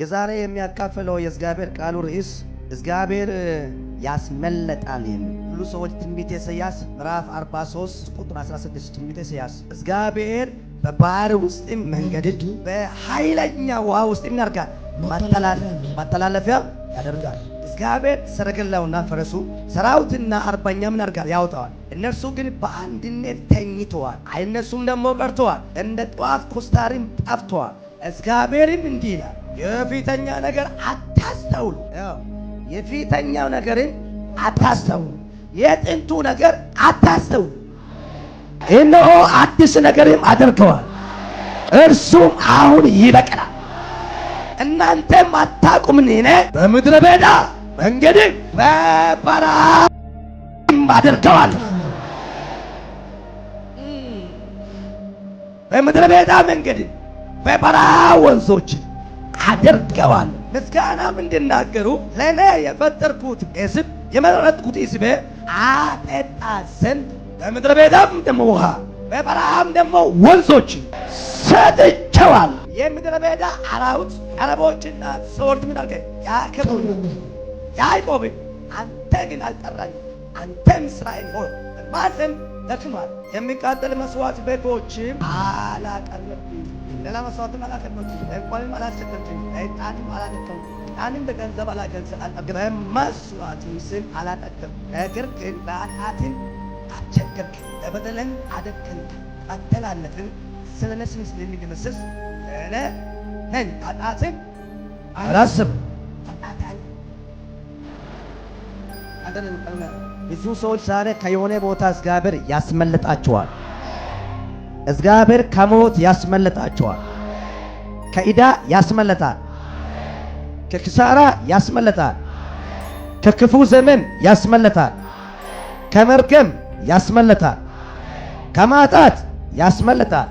የዛሬ የሚያካፍለው የእግዚአብሔር ቃሉ ርዕስ እግዚአብሔር ያስመለጣል የሚል ሁሉ ሰዎች ትንቢት ኢሳይያስ ምዕራፍ 43 ቁጥር 16 ትንቢት ኢሳይያስ እግዚአብሔር በባህር ውስጥም መንገድን በኃይለኛ ውሃ ውስጥም ያደርጋል፣ ማተላለፊያ ያደርጋል። እግዚአብሔር ሰረገላውና ፈረሱ ሰራዊትና አርበኛ ምን ያርጋል? ያወጣዋል። እነርሱ ግን በአንድነት ተኝተዋል፣ አይነሱም ደግሞ ቀርተዋል፣ እንደ ጠዋት ኮስታሪም ጠፍተዋል። እግዚአብሔርም እንዲህ ይላል የፊተኛ ነገር አታስተውሉ። የፊተኛው ነገርን አታስተውሉ። የጥንቱ ነገር አታስተውሉ። እነሆ አዲስ ነገርም አድርገዋል፣ እርሱም አሁን ይበቅላል፣ እናንተም አታውቁምን? እኔ በምድረ በዳ መንገድም በበረሃም አደርገዋለሁ። በምድረ በዳ መንገድም በበረሃ ወንዞችን አደርገዋል። ምስጋና እንድናገሩ ለእኔ የፈጠርኩት ሕዝብ የመረጥኩት ሕዝቤ አጠጣ ዘንድ በምድረ በዳም ደሞ ውሃ በበረሃም ደሞ ወንዞች ሰጥቸዋል። የምድረ በዳ አራዊት አረቦችና ሰዎች ምን አልከ ያዕቆብ አንተ ግን አልጠራኝ አንተም ሳይሆን ማንም ደክሟል። የሚቃጠል መስዋዕት ቤቶችም አላቀረብኝ። ሌላ መስዋዕትም አላቀረብኝ። እንኳንም አላሰጠብኝ። ዕጣንም አላጠቀም። ዕጣንም በገንዘብ አላገንዘብ አልጠግበ መስዋዕት ምስል አላጠቅም። ነገር ግን በአጣትን አቸገርክ፣ በበደልን አደክን፣ አተላለፍን ስለ ነስ ምስል የሚገመስስ ለ ነን አጣትን አላስብ አጣትን አደለም ቀርበ ብዙ ሰዎች ዛሬ ከየሆነ ቦታ እግዚአብሔር ያስመልጣቸዋል። እግዚአብሔር ከሞት ያስመልጣቸዋል። ከኢዳ ያስመልጣል። ከክሳራ ያስመልጣል። ከክፉ ዘመን ያስመልጣል። ከመርገም ያስመልጣል። ከማጣት ያስመልጣል።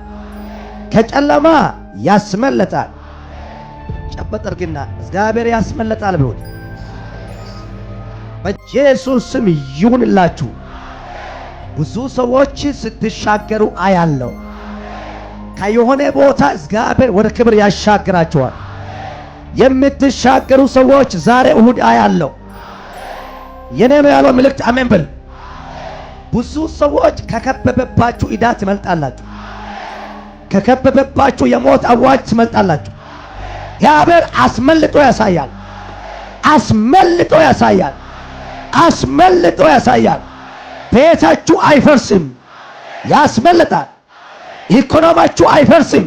ከጨለማ ያስመልጣል። ጨበጥ እርግና እግዚአብሔር ያስመልጣል ብሎት በኢየሱስ ስም ይሁንላችሁ። ብዙ ሰዎች ስትሻገሩ አያለው። ከየሆነ ቦታ እግዚአብሔር ወደ ክብር ያሻግራቸዋል። የምትሻገሩ ሰዎች ዛሬ እሁድ አያለው። የኔ ነው ያለው ምልክት አሜን በል። ብዙ ሰዎች ከከበበባችሁ ዕዳ ትመልጣላችሁ። ከከበበባችሁ የሞት አዋጅ ትመልጣላችሁ። እግዚአብሔር አስመልጦ ያሳያል። አስመልጦ ያሳያል። አስመልጦ ያሳያል። ቤታችሁ አይፈርስም፣ ያስመልጣል። ኢኮኖማችሁ አይፈርስም፣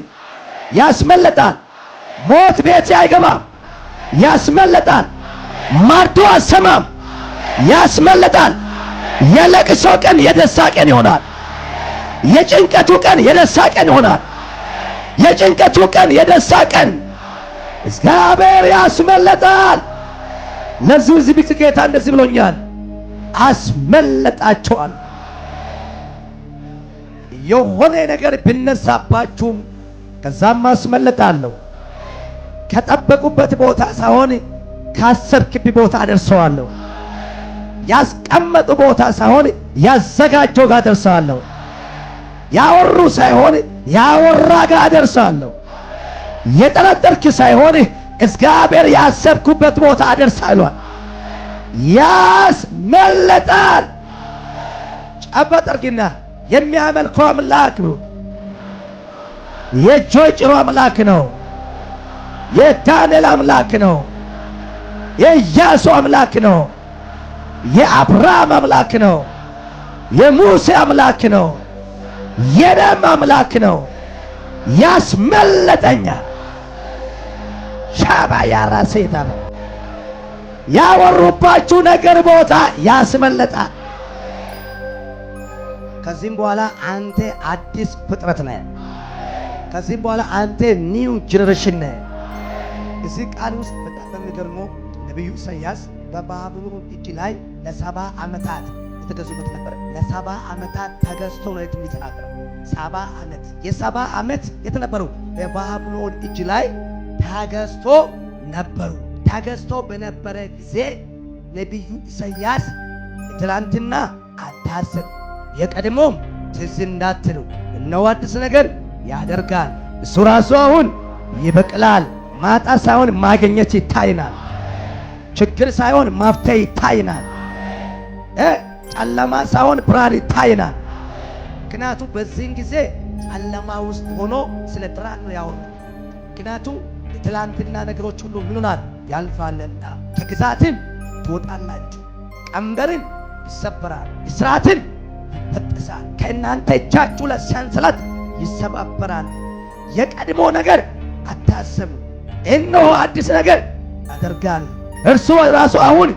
ያስመልጣል። ሞት ቤት አይገባም፣ ያስመልጣል። ማርዶ አሰማም፣ ያስመልጣል። የለቅሶ ቀን የደስታ ቀን ይሆናል። የጭንቀቱ ቀን የደስታ ቀን ይሆናል። የጭንቀቱ ቀን የደስታ ቀን እግዚአብሔር ያስመልጣል። ለዚህ እዚህ ቢት ጌታ እንደዚህ ብሎኛል፣ አስመለጣቸዋል። የሆነ ነገር ቢነሳባችሁም ከዛም አስመለጣለሁ። ከጠበቁበት ቦታ ሳይሆን ካሰብክብ ቦታ አደርሰዋለሁ። ያስቀመጡ ቦታ ሳይሆን ያዘጋጀው ጋር አደርሰዋለሁ። ያወሩ ሳይሆን ያወራ ጋር አደርሰዋለሁ። የጠረጠርክ ሳይሆን እግዚአብሔር ያሰብኩበት ቦታ አደርሳለሁ። ያስመለጣል። ጨበጥ አድርጊና የሚያመልከው አምላክ የጆይ ጭሮ አምላክ ነው። የዳንኤል አምላክ ነው። የኢያሱ አምላክ ነው። የአብርሃም አምላክ ነው። የሙሴ አምላክ ነው። የነም አምላክ ነው። ያስመለጠኛል ሻባ ያራሴ ታለ ያወሩባችሁ ነገር ቦታ ያስመለጣል። ከዚህም በኋላ አንተ አዲስ ፍጥረት ነህ። ከዚህም በኋላ አንተ ኒው ጀነሬሽን ነህ። እዚህ ቃል ውስጥ በጣም የሚገርመው ነቢዩ ኢሳያስ በባቢሎን እጅ ላይ ለሰባ ዓመታት የተገዙበት ነበር። ለሰባ ዓመታት ተገዝቶ ነው የሚተናገረው። ሰባ ዓመት የሰባ ዓመት የተነበረው በባቢሎን እጅ ላይ ተገዝቶ ነበሩ። ተገዝቶ በነበረ ጊዜ ነቢዩ ኢሳያስ ትላንትና አታስብ፣ የቀድሞም ትዝ እንዳትሉ፣ እነሆ አዲስ ነገር ያደርጋል፣ እሱ ራሱ አሁን ይበቅላል፣ ማጣ ሳይሆን ማግኘት ይታይናል፣ ችግር ሳይሆን መፍትሄ ይታይናል፣ ጨለማ ሳይሆን ብርሃን ይታይናል። ምክንያቱ በዚህን ጊዜ ጨለማ ውስጥ ሆኖ ስለ ብርሃን ነው ምክንያቱም የትላንትና ነገሮች ሁሉ ምኑናል ያልፋልና ከግዛትን ትወጣላችሁ፣ ቀንበርን ይሰበራል፣ እስራትን ይበጠሳል፣ ከእናንተ እጃችሁ ለሰንሰለት ሰንሰለት ይሰባበራል። የቀድሞ ነገር አታስቡ፣ እነሆ አዲስ ነገር ያደርጋል፣ እርሱ ራሱ አሁን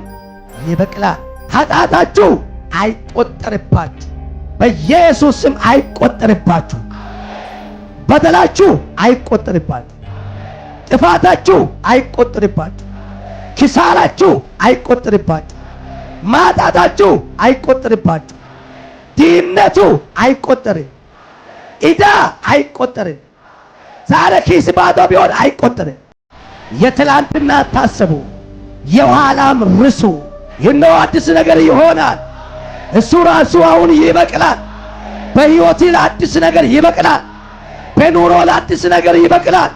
ይበቅላል። ኃጢአታችሁ አይቆጠርባችሁ፣ በኢየሱስም አይቆጠርባችሁ፣ በደላችሁ አይቆጠርባችሁ። ጥፋታችሁ አይቆጥርባችሁ፣ ኪሳራችሁ አይቆጥርባችሁ፣ ማጣታችሁ አይቆጥርባችሁ፣ ድህነቱ አይቆጠርም፣ ኢዳ አይቆጠርም፣ ዛሬ ኪስ ባዶ ቢሆን አይቆጠርም። የትላንትና ታሰቡ፣ የኋላም ርሱ። ይነው አዲስ ነገር ይሆናል። እሱ ራሱ አሁን ይበቅላል። በሕይወት ለአዲስ ነገር ይበቅላል። በኑሮ ለአዲስ ነገር ይበቅላል።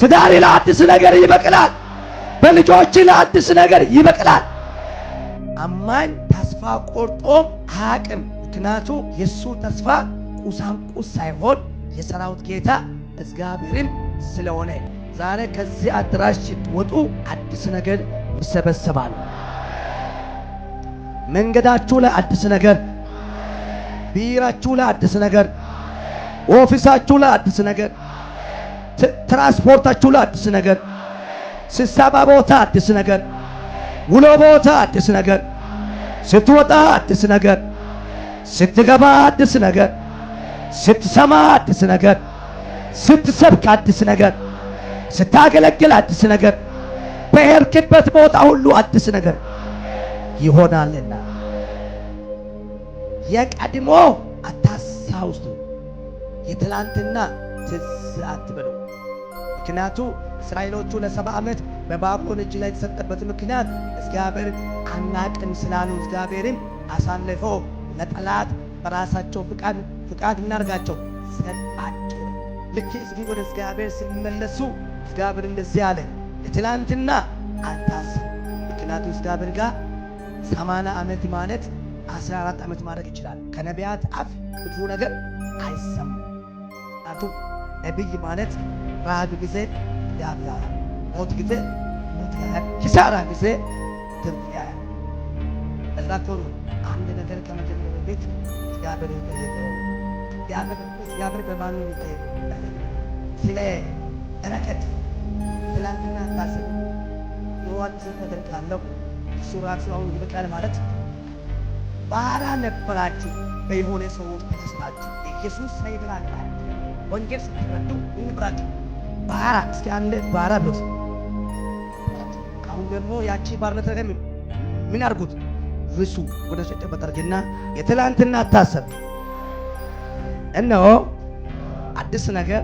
ትዳሪ ለአዲስ ነገር ይበቅላል። በልጆች ለአዲስ ነገር ይበቅላል። አማኝ ተስፋ ቆርጦም አቅም ምክንያቱ የእሱ ተስፋ ቁሳንቁስ ሳይሆን የሰራዊት ጌታ እግዚአብሔርን ስለሆነ ዛሬ ከዚህ አዳራሽ ስትወጡ አዲስ ነገር ይሰበሰባል። መንገዳችሁ ላይ አዲስ ነገር፣ ቢራችሁ ላይ አዲስ ነገር፣ ኦፊሳችሁ ላይ አዲስ ነገር ትራንስፖርታችሁ ላይ አዲስ ነገር፣ ስብሰባ ቦታ አዲስ ነገር፣ ውሎ ቦታ አዲስ ነገር፣ ስትወጣ አዲስ ነገር፣ ስትገባ አዲስ ነገር፣ ስትሰማ አዲስ ነገር፣ ስትሰብክ አዲስ ነገር፣ ስታገለግል አዲስ ነገር፣ በሄድክበት ቦታ ሁሉ አዲስ ነገር ይሆናልና የቀድሞ አታሳውስቱ፣ የትላንትና ትዝ አትበሉ። ምክንያቱ እስራኤሎቹ ለሰባ ዓመት በባቢሎን እጅ ላይ የተሰጠበት ምክንያት እግዚአብሔር አናቅም ስላሉ እግዚአብሔርን አሳልፎ ለጠላት በራሳቸው ፍቃድ ፍቃድ እናርጋቸው ሰጣቸው። ልክ ሕዝቡ ወደ እግዚአብሔር ሲመለሱ እግዚአብሔር እንደዚህ አለ፣ ለትላንትና አታስብ። ምክንያቱ እግዚአብሔር ጋር ሰማንያ ዓመት ማለት አስራ አራት ዓመት ማድረግ ይችላል። ከነቢያት አፍ ክፉ ነገር አይሰማም። ነቢይ ማለት ረሃብ ጊዜ ያብላ፣ ሞት ጊዜ ሞት ያያል፣ ኪሳራ ጊዜ ትርፍ ያያል። እዛ ቶሎ አንድ ነገር ከመጀመሩ ቤት እግዚአብሔር ይጠየቀው። እግዚአብሔር በማኑ ይጠየቅ። ስለ ረከት ትላንትና ታስብ የዋት ነገር እሱ ራሱ አሁን ይበቃል ማለት ባራ ነበራችሁ በየሆነ ሰዎች ተስናችሁ ኢየሱስ ሳይብራል ወንጌል ስትረዱ እንብራችሁ ባራ እስኪ አንድ ባራ ብሉት። አሁን ደግሞ ያቺ ባርነት ነገር ምን አድርጉት? ብሱ ወደ ሰጨበት አድርግና የትላንትና አታሰብ። እነሆ አዲስ ነገር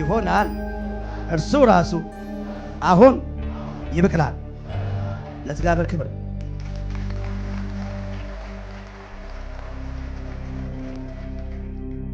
ይሆናል፣ እርሱ ራሱ አሁን ይበቅላል። ለእግዚአብሔር ክብር